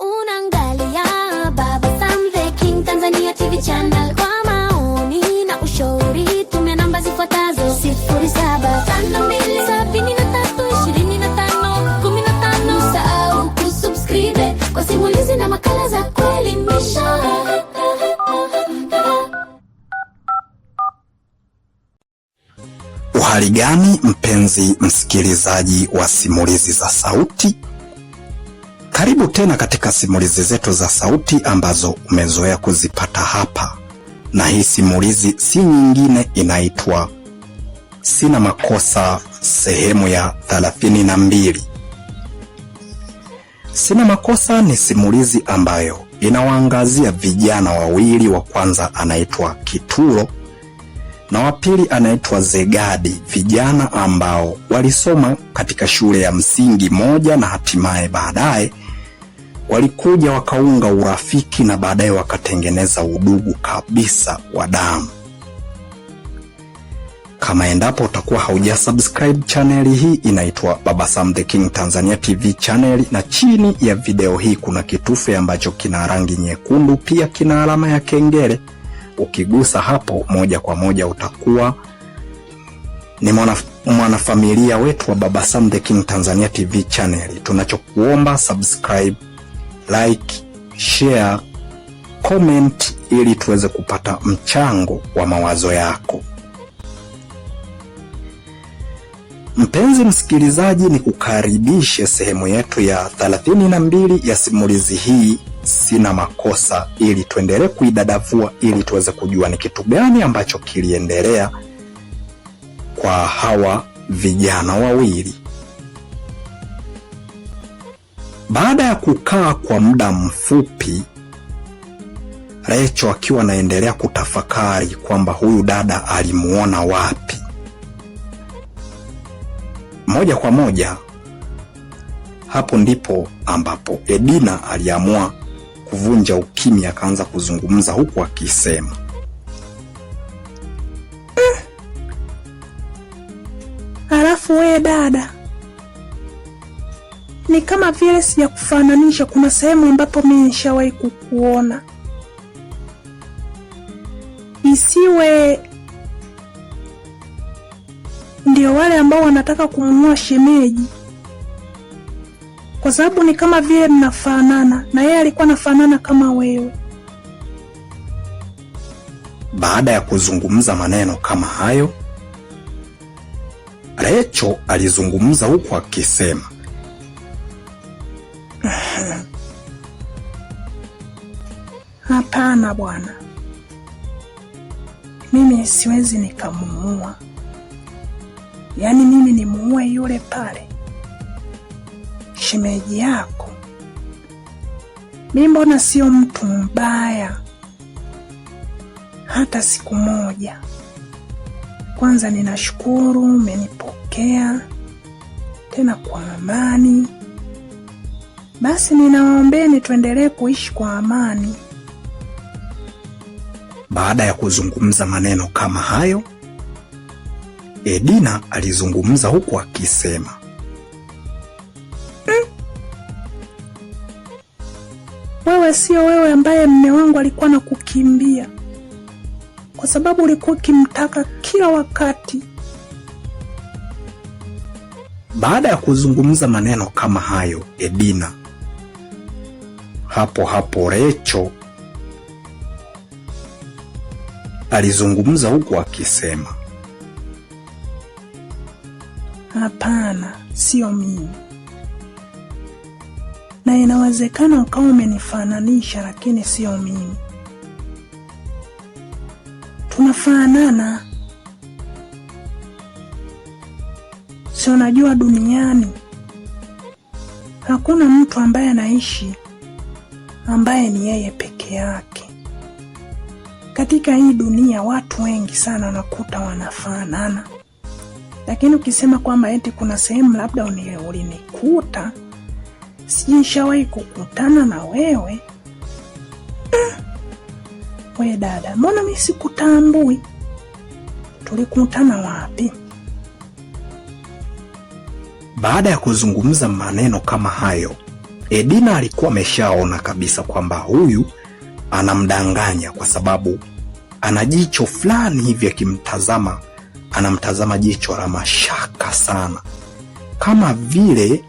Unaangalia Baba Sam the King Tanzania TV channel. Kwa maoni na ushauri tumia namba zifuatazo: 0752732515 usahau kusubscribe kwa simulizi na makala za kuelimisha. Uhali gani mpenzi msikilizaji wa simulizi za sauti karibu tena katika simulizi zetu za sauti ambazo umezoea kuzipata hapa, na hii simulizi si nyingine, inaitwa Sina Makosa sehemu ya 32. Sina Makosa ni simulizi ambayo inawaangazia vijana wawili, wa kwanza anaitwa kituro na wa pili anaitwa Zegadi, vijana ambao walisoma katika shule ya msingi moja na hatimaye baadaye walikuja wakaunga urafiki na baadaye wakatengeneza udugu kabisa wa damu. Kama endapo utakuwa hauja subscribe chaneli hii inaitwa Baba Sam the King Tanzania TV channel na chini ya video hii kuna kitufe ambacho kina rangi nyekundu, pia kina alama ya kengele. Ukigusa hapo moja kwa moja utakuwa ni mwanafamilia wetu wa Baba Sam the King Tanzania TV channel. Tunachokuomba subscribe like, share, comment ili tuweze kupata mchango wa mawazo yako. Mpenzi msikilizaji, ni kukaribishe sehemu yetu ya 32 ya simulizi hii Sina Makosa, ili tuendelee kuidadavua ili tuweze kujua ni kitu gani ambacho kiliendelea kwa hawa vijana wawili. Baada ya kukaa kwa muda mfupi, Recho akiwa anaendelea kutafakari kwamba huyu dada alimuona wapi, moja kwa moja hapo ndipo ambapo Edina aliamua kuvunja ukimya, akaanza kuzungumza huku akisema eh, alafu we dada ni kama vile sijakufananisha. Kuna sehemu ambapo mimi nishawahi kukuona. Isiwe ndio wale ambao wanataka kumnunua shemeji, kwa sababu ni kama vile mnafanana, na yeye alikuwa nafanana kama wewe. Baada ya kuzungumza maneno kama hayo, Recho alizungumza huku akisema Hapana, hapana bwana, mimi siwezi nikamuua. Yaani mimi nimuue yule pale shemeji yako? Mimi mbona sio mtu mbaya hata siku moja. Kwanza ninashukuru umenipokea tena kwa amani. Basi ninawaombeni tuendelee kuishi kwa amani. Baada ya kuzungumza maneno kama hayo, Edina alizungumza huku akisema mm, wewe sio wewe ambaye mme wangu alikuwa na kukimbia kwa sababu ulikuwa ukimtaka kila wakati. Baada ya kuzungumza maneno kama hayo, Edina hapo hapo Recho alizungumza huku akisema, hapana, sio mimi, na inawezekana ukawa umenifananisha, lakini sio mimi. Tunafanana, si unajua duniani hakuna mtu ambaye anaishi ambaye ni yeye peke yake. Katika hii dunia watu wengi sana wanakuta wanafanana, lakini ukisema kwamba eti kuna sehemu labda ulinikuta, sijui kukutana na wewe we dada, mbona mi sikutambui? Tulikutana wapi? Baada ya kuzungumza maneno kama hayo, Edina alikuwa ameshaona kabisa kwamba huyu anamdanganya kwa sababu ana jicho fulani hivi, akimtazama anamtazama jicho la mashaka sana, kama vile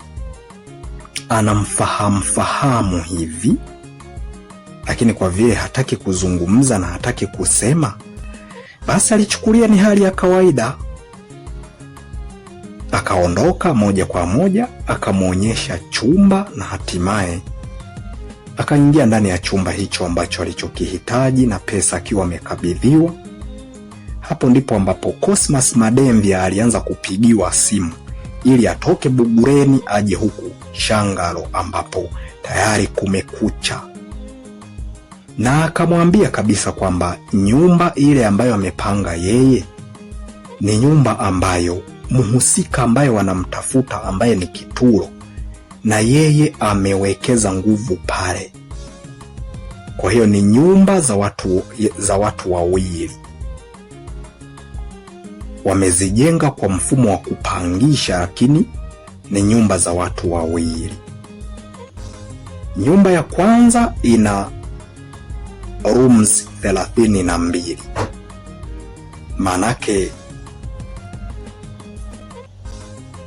anamfahamu fahamu hivi, lakini kwa vile hataki kuzungumza na hataki kusema, basi alichukulia ni hali ya kawaida. Akaondoka moja kwa moja akamwonyesha chumba na hatimaye akaingia ndani ya chumba hicho ambacho alichokihitaji na pesa akiwa amekabidhiwa. Hapo ndipo ambapo Cosmas Mademvya alianza kupigiwa simu ili atoke Bugureni aje huku Shangalo ambapo tayari kumekucha, na akamwambia kabisa kwamba nyumba ile ambayo amepanga yeye ni nyumba ambayo mhusika ambaye wanamtafuta ambaye ni Kituro, na yeye amewekeza nguvu pale. Kwa hiyo ni nyumba za watu, za watu wawili wamezijenga kwa mfumo wa kupangisha, lakini ni nyumba za watu wawili. Nyumba ya kwanza ina rooms thelathini na mbili maanake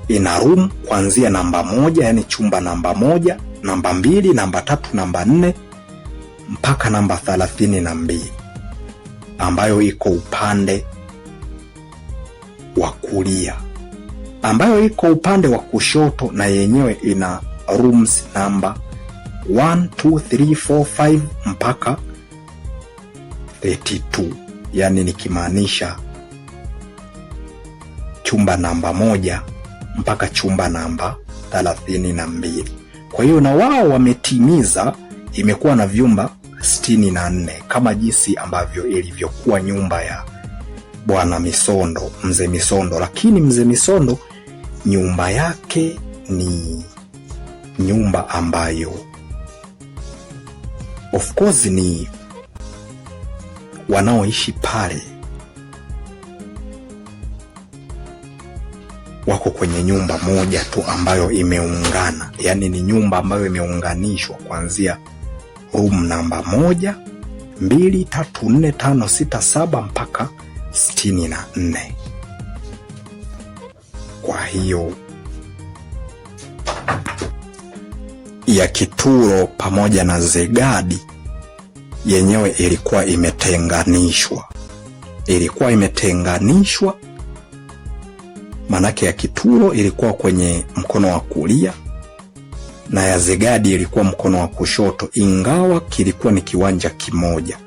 ina room kuanzia namba moja, yani chumba namba moja, namba mbili, namba tatu, namba nne mpaka namba thalathini na mbili ambayo iko upande wa kulia, ambayo iko upande wa kushoto na yenyewe ina rooms namba 1 2 3 4 5 mpaka 32, yani nikimaanisha chumba namba moja mpaka chumba namba 32 na Kwa hiyo na wao wametimiza, imekuwa na vyumba 64 na kama jinsi ambavyo ilivyokuwa nyumba ya Bwana Misondo, Mzee Misondo. Lakini Mzee Misondo nyumba yake ni nyumba ambayo of course ni wanaoishi pale wako kwenye nyumba moja tu ambayo imeungana, yaani ni nyumba ambayo imeunganishwa kuanzia room namba moja, mbili, tatu, nne, tano, sita, saba mpaka sitini na nne. Kwa hiyo ya Kituro pamoja na Zegadi yenyewe ilikuwa imetenganishwa, ilikuwa imetenganishwa manake ya Kituro ilikuwa kwenye mkono wa kulia na ya Zegadi ilikuwa mkono wa kushoto, ingawa kilikuwa ni kiwanja kimoja,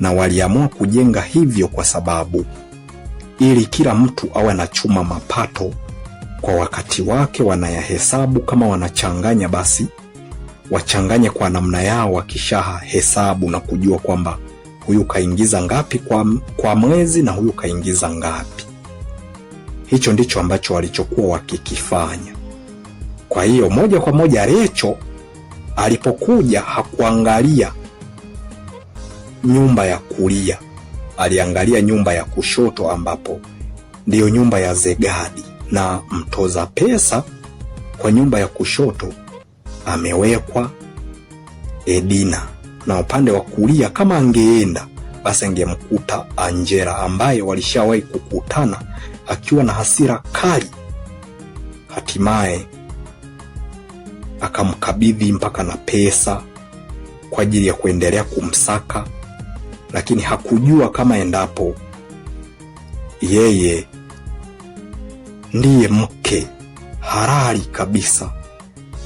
na waliamua kujenga hivyo kwa sababu ili kila mtu awe na chuma mapato kwa wakati wake, wanayahesabu. Kama wanachanganya, basi wachanganye kwa namna yao, wakishaha hesabu na kujua kwamba huyu kaingiza ngapi kwa, kwa mwezi na huyu kaingiza ngapi Hicho ndicho ambacho walichokuwa wakikifanya. Kwa hiyo moja kwa moja Recho alipokuja hakuangalia nyumba ya kulia, aliangalia nyumba ya kushoto, ambapo ndiyo nyumba ya Zegadi, na mtoza pesa kwa nyumba ya kushoto amewekwa Edina, na upande wa kulia kama angeenda basi angemkuta Angela ambaye walishawahi kukutana akiwa na hasira kali, hatimaye akamkabidhi mpaka na pesa kwa ajili ya kuendelea kumsaka, lakini hakujua kama endapo yeye ndiye mke halali kabisa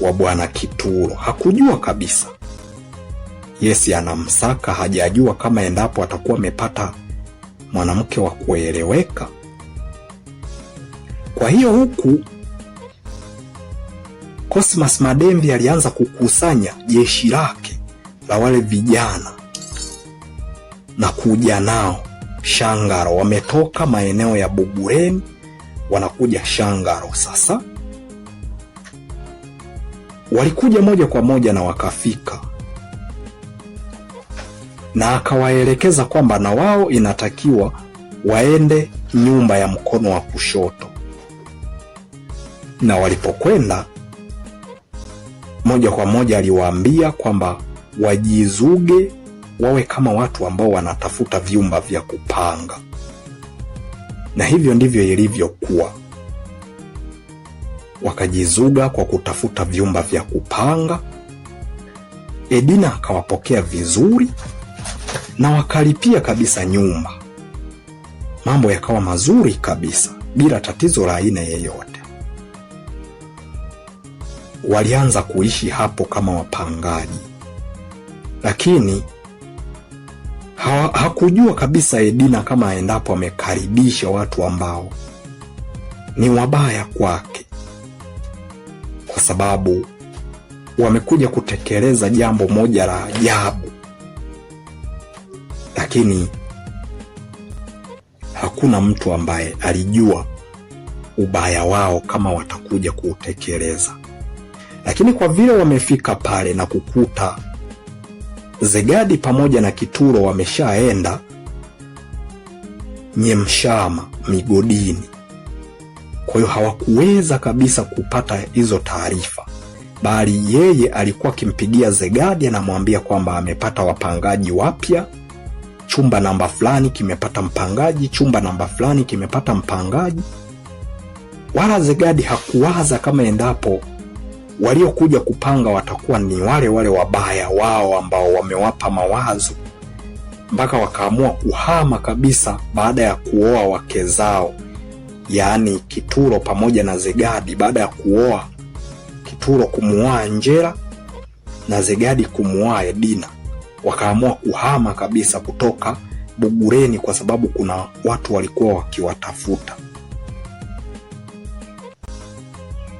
wa Bwana Kituro. Hakujua kabisa. Yesi anamsaka, hajajua kama endapo atakuwa amepata mwanamke wa kueleweka kwa hiyo huku Cosmas Mademvi alianza kukusanya jeshi lake la wale vijana na kuja nao Shangaro. Wametoka maeneo ya Bugureni wanakuja Shangaro. Sasa walikuja moja kwa moja na wakafika, na akawaelekeza kwamba na wao inatakiwa waende nyumba ya mkono wa kushoto na walipokwenda moja kwa moja aliwaambia kwamba wajizuge wawe kama watu ambao wanatafuta vyumba vya kupanga, na hivyo ndivyo ilivyokuwa. Wakajizuga kwa kutafuta vyumba vya kupanga. Edina akawapokea vizuri na wakalipia kabisa nyumba. Mambo yakawa mazuri kabisa bila tatizo la aina yeyote walianza kuishi hapo kama wapangaji, lakini ha hakujua kabisa Edina kama endapo amekaribisha watu ambao ni wabaya kwake, kwa sababu wamekuja kutekeleza jambo moja la ajabu, lakini hakuna mtu ambaye alijua ubaya wao kama watakuja kuutekeleza. Lakini kwa vile wamefika pale na kukuta Zegadi pamoja na Kituro wameshaenda Nyemshama migodini, kwa hiyo hawakuweza kabisa kupata hizo taarifa, bali yeye alikuwa akimpigia Zegadi anamwambia kwamba amepata wapangaji wapya, chumba namba fulani kimepata mpangaji, chumba namba fulani kimepata mpangaji. Wala Zegadi hakuwaza kama endapo waliokuja kupanga watakuwa ni wale wale wabaya wao ambao wamewapa mawazo mpaka wakaamua kuhama kabisa baada ya kuoa wake zao, yaani Kituro pamoja na Zegadi. Baada ya kuoa Kituro kumuoa Njera na Zegadi kumuoa Edina, wakaamua kuhama kabisa kutoka Bugureni kwa sababu kuna watu walikuwa wakiwatafuta.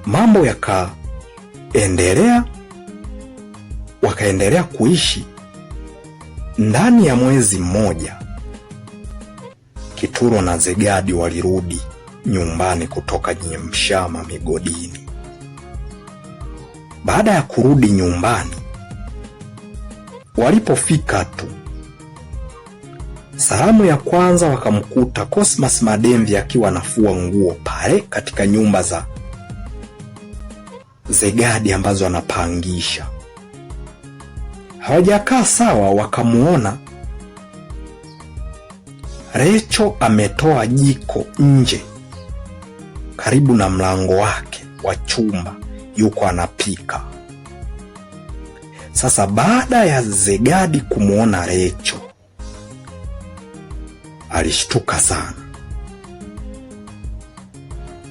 Mambo yaka endelea wakaendelea kuishi ndani ya mwezi mmoja. Kituro na Zegadi walirudi nyumbani kutoka Nyemshama migodini. Baada ya kurudi nyumbani, walipofika tu, salamu ya kwanza wakamkuta Cosmas Mademvi akiwa anafua nguo pale katika nyumba za zegadi ambazo anapangisha. Hawajakaa sawa, wakamuona Recho ametoa jiko nje karibu na mlango wake wa chumba, yuko anapika. Sasa baada ya Zegadi kumwona Recho alishtuka sana,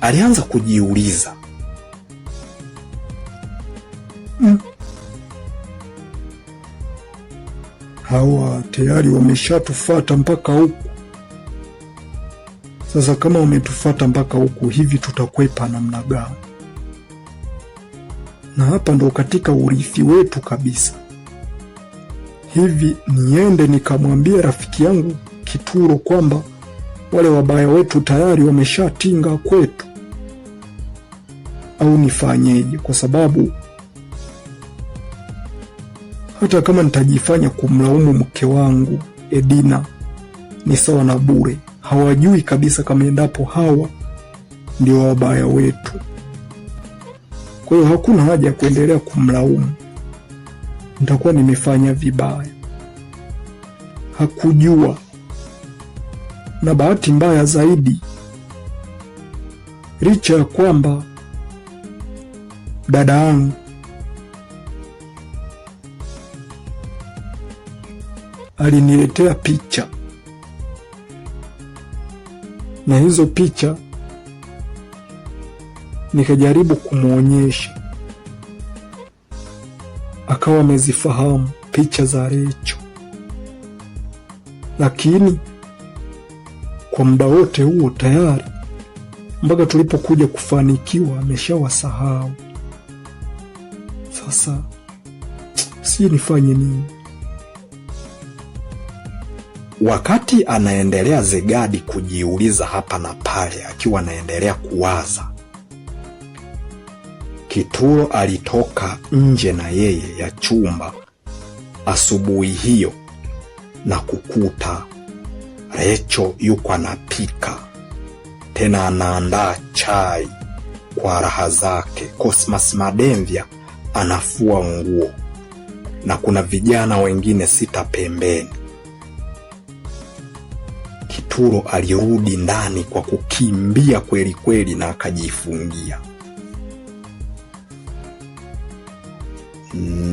alianza kujiuliza hawa tayari wameshatufata mpaka huku. Sasa kama wametufata mpaka huku, hivi tutakwepa namna gani? Na hapa ndo katika urithi wetu kabisa. Hivi niende nikamwambia rafiki yangu Kituro kwamba wale wabaya wetu tayari wameshatinga kwetu, au nifanyeje? Kwa sababu hata kama nitajifanya kumlaumu mke wangu Edina ni sawa na bure. Hawajui kabisa kama endapo hawa ndio wabaya wetu. Kwa hiyo hakuna haja ya kuendelea kumlaumu, nitakuwa nimefanya vibaya. Hakujua, na bahati mbaya zaidi, licha ya kwamba dada yangu aliniletea picha na hizo picha nikajaribu kumwonyesha, akawa amezifahamu picha za Recho, lakini kwa muda wote huo tayari mpaka tulipokuja kufanikiwa ameshawasahau. Sasa si nifanye nini? Wakati anaendelea Zegadi kujiuliza hapa na pale, akiwa anaendelea kuwaza, Kituro alitoka nje na yeye ya chumba asubuhi hiyo na kukuta Recho yuko anapika tena, anaandaa chai kwa raha zake. Cosmas Mademvya anafua nguo na kuna vijana wengine sita pembeni. Arturo alirudi ndani kwa kukimbia kweli kweli na akajifungia.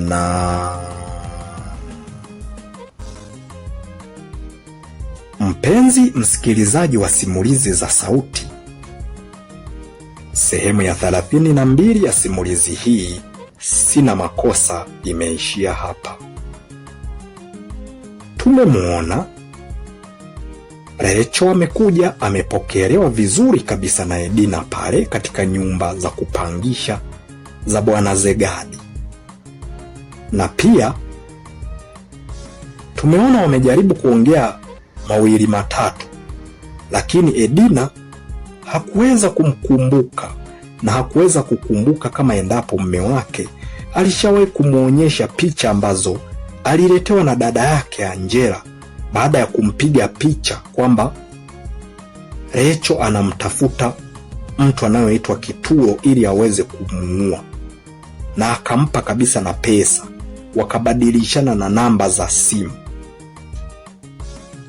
Na mpenzi msikilizaji wa simulizi za sauti, sehemu ya 32 ya simulizi hii Sina Makosa imeishia hapa. Tumemwona Recho amekuja, amepokelewa vizuri kabisa na Edina pale katika nyumba za kupangisha za Bwana Zegadi, na pia tumeona wamejaribu kuongea mawili matatu, lakini Edina hakuweza kumkumbuka na hakuweza kukumbuka kama endapo mme wake alishawahi kumwonyesha picha ambazo aliletewa na dada yake Angela baada ya kumpiga picha kwamba Recho anamtafuta mtu anayeitwa Kituo ili aweze kumuua na akampa kabisa na pesa, wakabadilishana na namba za simu.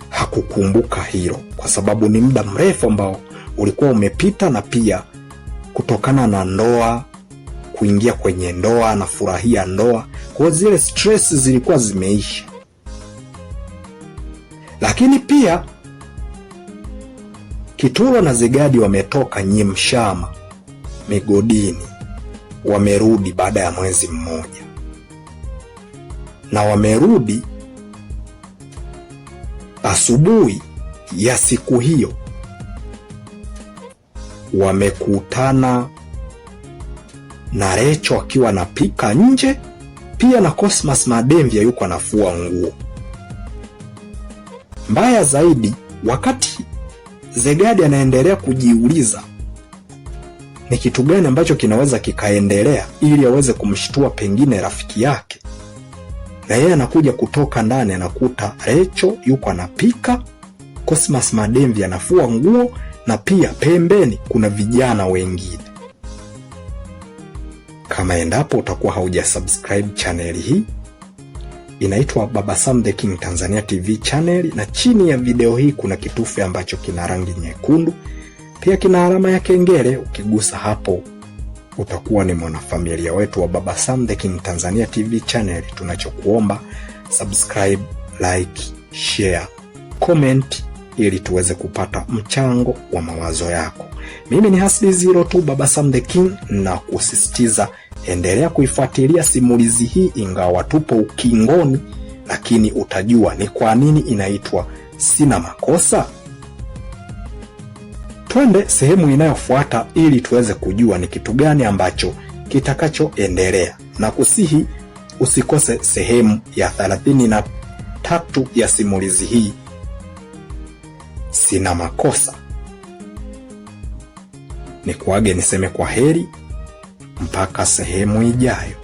Hakukumbuka hilo kwa sababu ni muda mrefu ambao ulikuwa umepita, na pia kutokana na ndoa kuingia kwenye ndoa, anafurahia ndoa, kwa zile stress zilikuwa zimeisha. Lakini pia kitulo na Zigadi wametoka Nyimshama migodini, wamerudi baada ya mwezi mmoja, na wamerudi asubuhi ya siku hiyo wamekutana na Recho akiwa anapika nje, pia na Cosmas Mademvya yuko anafua nguo. Mbaya zaidi, wakati Zegadi anaendelea kujiuliza ni kitu gani ambacho kinaweza kikaendelea ili aweze kumshtua pengine rafiki yake, na yeye anakuja kutoka ndani anakuta Recho yuko anapika, Cosmas Mademvi anafua nguo, na pia pembeni kuna vijana wengine. Kama endapo utakuwa haujasubscribe chaneli hii inaitwa Baba Sam the King Tanzania TV channel, na chini ya video hii kuna kitufe ambacho kina rangi nyekundu, pia kina alama ya kengele. Ukigusa hapo utakuwa ni mwanafamilia wetu wa Baba Sam the King Tanzania TV channel. Tunachokuomba subscribe, like, share, comment ili tuweze kupata mchango wa mawazo yako. Mimi ni Hasbi Zero tu Baba Sam the King, na kusisitiza endelea kuifuatilia simulizi hii, ingawa tupo ukingoni, lakini utajua ni kwa nini inaitwa Sina Makosa. Twende sehemu inayofuata ili tuweze kujua ni kitu gani ambacho kitakachoendelea, na kusihi usikose sehemu ya thelathini na tatu ya simulizi hii Sina Makosa ni kuage niseme kwa heri mpaka sehemu ijayo.